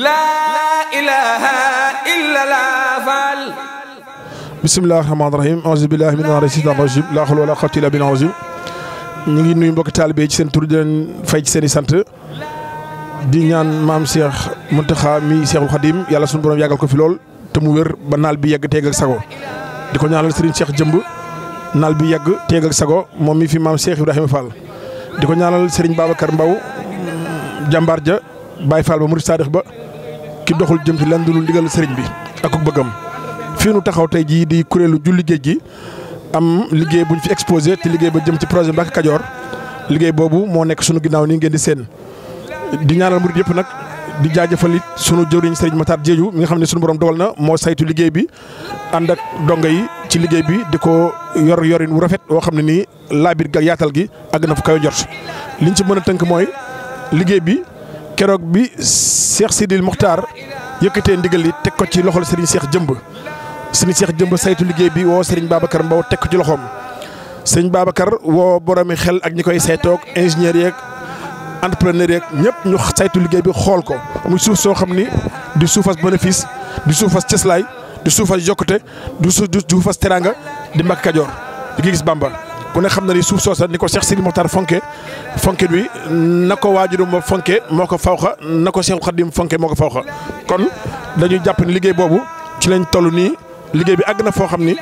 laa ilaaha illallaah faal bismillaahi rahmaani rahiim auzu laa hawla wa laa quwwata illaa billaah ngi nuyu mbokki taalibe ci seen tur di leen fay ci seen i sant di ñaan maam Cheikh Mountakha mi Cheikhul Khadim yàlla sunu borom yàggal ko fi lool te mu wér ba naal bi yegg teeg ak sago di ko ñaanal Serigne Cheikh jëmb naal bi yegg teeg ak sago moom mi fi maam Cheikh Ibrahima Fall di ko ñaanal Serigne Babacar Mbaw jàmbaar ja Baye Fall ba murid saadix ba ki doxul jëm ci lenn du ndigal sëriñ bi ak bëggam fii nu taxaw tey jii di kuréelu julli liggéey gi am liggéey bu ñu fi exposé te liggéey ba jëm ci projet Mbacke Kajoor liggéey boobu moo nekk sunu ginnaaw nii ngeen di séen di ñaanal murid yëpp nag di jaajëfal it sunu jëwriñ sëriñ Matar Jeeju mi nga xam ne sunu borom dogal na moo saytu liggéey bi ànd ak donga yi ci liggéey bi di ko yor yorin wu rafet woo xam ne nii laabir ga yaatal gi àgg na fu kayo jot liñ ci mën a tënk mooy liggéey bi keroog bi Cheikh Sidil Muxtaar yëkkatee ndigal li teg ko ci loxol Serigne Cheikh Jëmb Serigne Cheikh Jëmb saytu liggéey bi woo Serigne Babacar Mbow teg ko ci loxoom sëñ Babacar woo boromi xel ak ñi koy saytoog ingénieur yeeg entrepreneur yeeg ñëpp ñu saytu liggéey bi xool ko muy suuf soo xam ni di suufas bénéfice di suufas cëslaay di suufas yokkute di suufas teraanga di Mbàkke Kajoor di gis Bamba ku xam na ni suuf soosa ni ko Cheikh Sidi Mokhtar fonke fonke bi na ko waajurum fonke moo ko fawxa na ko Cheikh Khadim fonke moo ko fawxa kon dañuy jàpp ne liggéey boobu ci lañ toll nii liggéey bi àgg na foo xam ni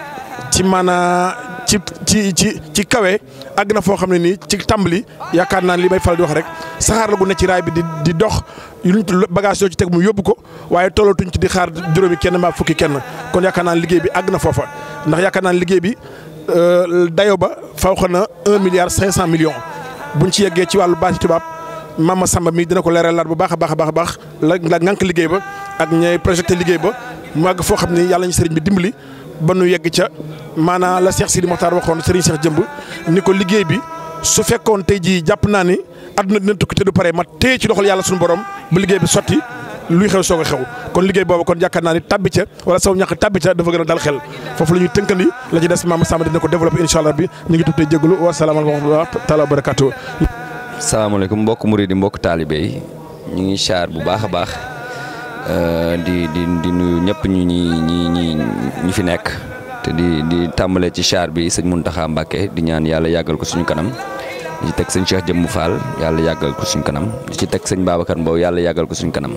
ci maanaa ci ci ci ci kawe àgg na foo xam ne nii ci tàmbali yaakaar naa li may faral di wax rek saxaar la gu ne ci raay bi di di dox luñ bagage yoo ci teg mu yóbbu ko waaye tollatuñ ci di xaar juróomi kenn maa fukki kenn kon yaakaar naa liggéey bi àgg na foofa ndax yaakaar naan liggéey bi Euh, dayo ba faw xëy na un milliard cinq cent millions buñ ci yeggee ci wàllu baati tubaab Mama Samba mi dina ko leeralaat bu baax a baax a baax a baax la la liggéey ba ak ñay projeté liggéey ba mu àgg foo xam ni yàlla ñu sëriñ bi dimbali ba nu yegg ca maanaam la Cheikh Sidi Mokhtar waxoon sëriñ Cheikh Jëmb ni ko liggéey bi su fekkoon tey jii jàpp naa ni àdduna dina tukki te du pare ma téye ci loxol yàlla suñu borom ba liggéey bi sotti. luy xew soog a xew kon liggéey boobu kon yaakaar naa ni tabbi ca wala saw ñàkk tabbi ca dafa gën a dal xel foofu la ñuy tënkandi la ci des maam Samba dina ko développé incha allah bi ñu ngi tuddee jégalu wa salaamaaleykum wa taala barakaatu. salaamaaleykum mbokk murid yi mbokk taalibe yi ñu ngi xaar bu baax a baax euh, di di di nuyu ñëpp ñu ñi ñi ñi fi nekk te di di tàmbale ci char bi sëñ Mountakha Mbacké di ñaan yàlla yàggal ko suñu kanam di ci teg sëñ Cheikh Jëmm Fall yàlla yàggal ko suñu kanam di ci teg sañ Babacar Mbow yàlla yàggal ko suñu kanam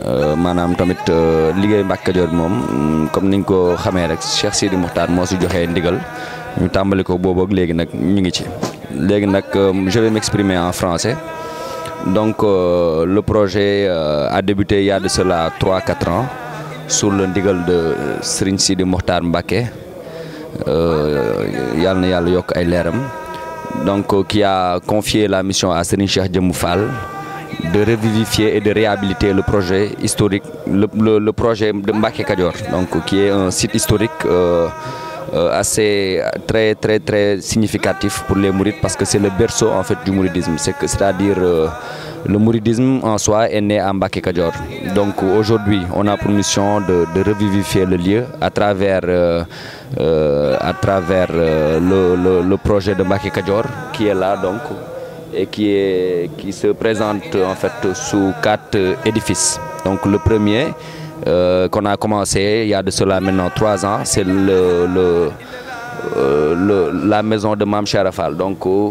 Euh, maanaam tamit euh, liggéey Mbàkke Kajoor moom mm, comme ni niñ ko xamee rek Cheikh Sidi Moukhtar moo si joxee ndigal ñu tàmbali ko boobu léegi nag ñu ngi ci. léegi nag euh, je vais m'exprimer en français donc le projet euh, a débuté il y la trois quatre 3 sur ans le ndigal de Serigne Sidi Moukhtar Mbacké yàlla na yàlla yokk ay leeram donc qui a confié la mission à Serigne Cheikh Dieumb Fall. de revivifier et de réhabiliter le projet historique, le, le, le projet de Mbake Kadior, donc, qui est un site historique euh, euh, assez très très très significatif pour les Mourides parce que c'est le berceau en fait du Mouridisme. C'est-à-dire euh, le Mouridisme en soi est né à Mbake Kadior. Donc aujourd'hui, on a pour mission de, de, revivifier le lieu à travers, euh, euh, à travers euh, le, projet de Mbake Kadior qui est là donc. et qui, est, qui se présente en fait sous quatre édifices. Donc le premier euh, qu'on a commencé il y a de cela maintenant trois ans, c'est le, le, euh, le, la maison de Mam Charafal, donc euh,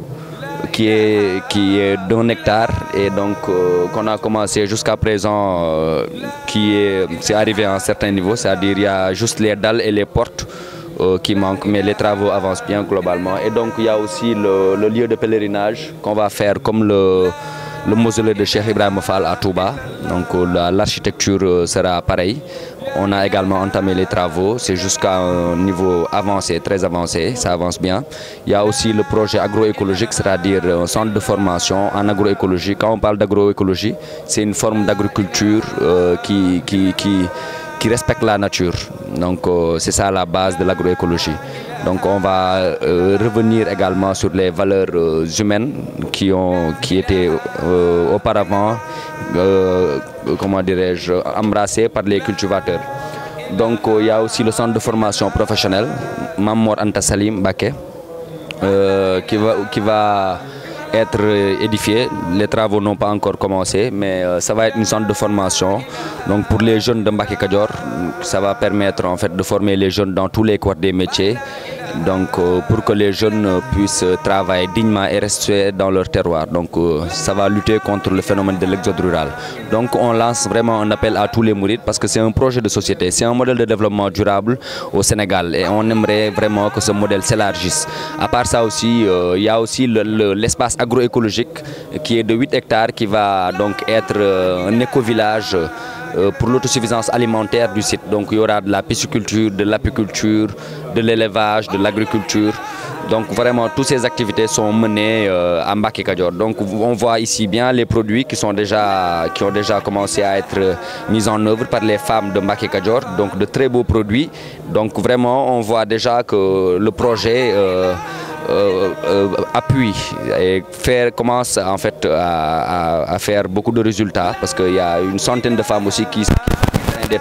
qui est, qui est d'un hectare et donc euh, qu'on a commencé jusqu'à présent, euh, qui est, est arrivé à un certain niveau, c'est-à-dire il y a juste les dalles et les portes. euh, qui manquent, mais les travaux avancent bien globalement. Et donc il y a aussi le, le lieu de pèlerinage qu'on va faire comme le, le mausolée de Cheikh Ibrahim Fall à Touba. Donc euh, l'architecture euh, sera pareille. On a également entamé les travaux, c'est jusqu'à un niveau avancé, très avancé, ça avance bien. aussi le projet agroécologique, c'est-à-dire euh, un centre de formation en agroécologie. Quand on parle d'agroécologie, c'est une forme d'agriculture euh, qui, qui, qui, qui respecte la nature. Donc euh, c'est ça la base de l'agroécologie. Donc on va euh, revenir également sur les valeurs euh, humaines qui, ont, qui étaient auparavant, comment dirais-je, embrassées par les cultivateurs. Donc il y a aussi le centre de formation professionnelle, Mamor Antasalim Baké, Qui va être euh, édifié. Les travaux n'ont pas encore commencé, mais euh, ça va être une centre de formation. Donc pour les jeunes de Mbaki ça va permettre en fait de former les jeunes dans tous les corps des métiers donc euh, pour que les jeunes puissent travailler dignement et rester dans leur terroir. Donc euh, ça va lutter contre le phénomène de l'exode rural. Donc on lance vraiment un appel à tous les Mourides parce que c'est un projet de société, c'est un modèle de développement durable au Sénégal et on aimerait vraiment que ce modèle s'élargisse. À part ça aussi, euh, il y a aussi l'espace le, le, agroécologique qui est de 8 hectares qui va donc être euh, un éco-village Euh, pour l'autosuffisance alimentaire du site. Donc il y aura de la pisciculture, de l'apiculture, de l'élevage, de l'agriculture. Donc vraiment, toutes ces activités sont menées euh, à Mbaki Kadior. Donc on voit ici bien les produits qui, sont déjà, qui ont déjà commencé à être euh, mis en œuvre par les femmes de Mbaki Kadior. Donc de très beaux produits. Donc vraiment, on voit déjà que le projet... Euh, Euh, euh, appui et faire, commence en fait à, à, à, faire beaucoup de résultats parce qu'il y a une centaine de femmes aussi qui sont des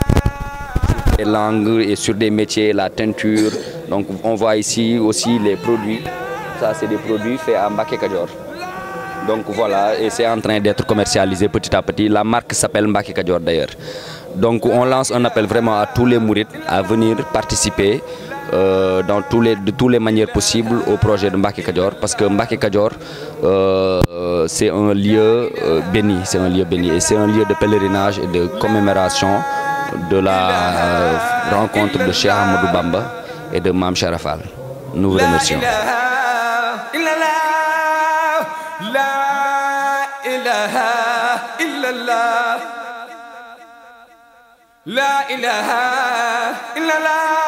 des langues et sur de métiers, la teinture. Donc on voit ici aussi les produits. Ça, c'est des produits faits à Donc voilà, et c'est en train d'être commercialisé petit à petit. La marque s'appelle Mbake Kajor d'ailleurs. Donc on lance un appel vraiment à tous les mourites à venir participer euh, dans tous les, de les manières possibles au projet de Mbaki Kadior parce que Mbaki kajoor euh, c'est un lieu euh, béni, c'est un lieu de pèlerinage et de commémoration de la euh, rencontre de Cheikh Ahmadou Bamba et de Mam Sharafal. Nous La ilaha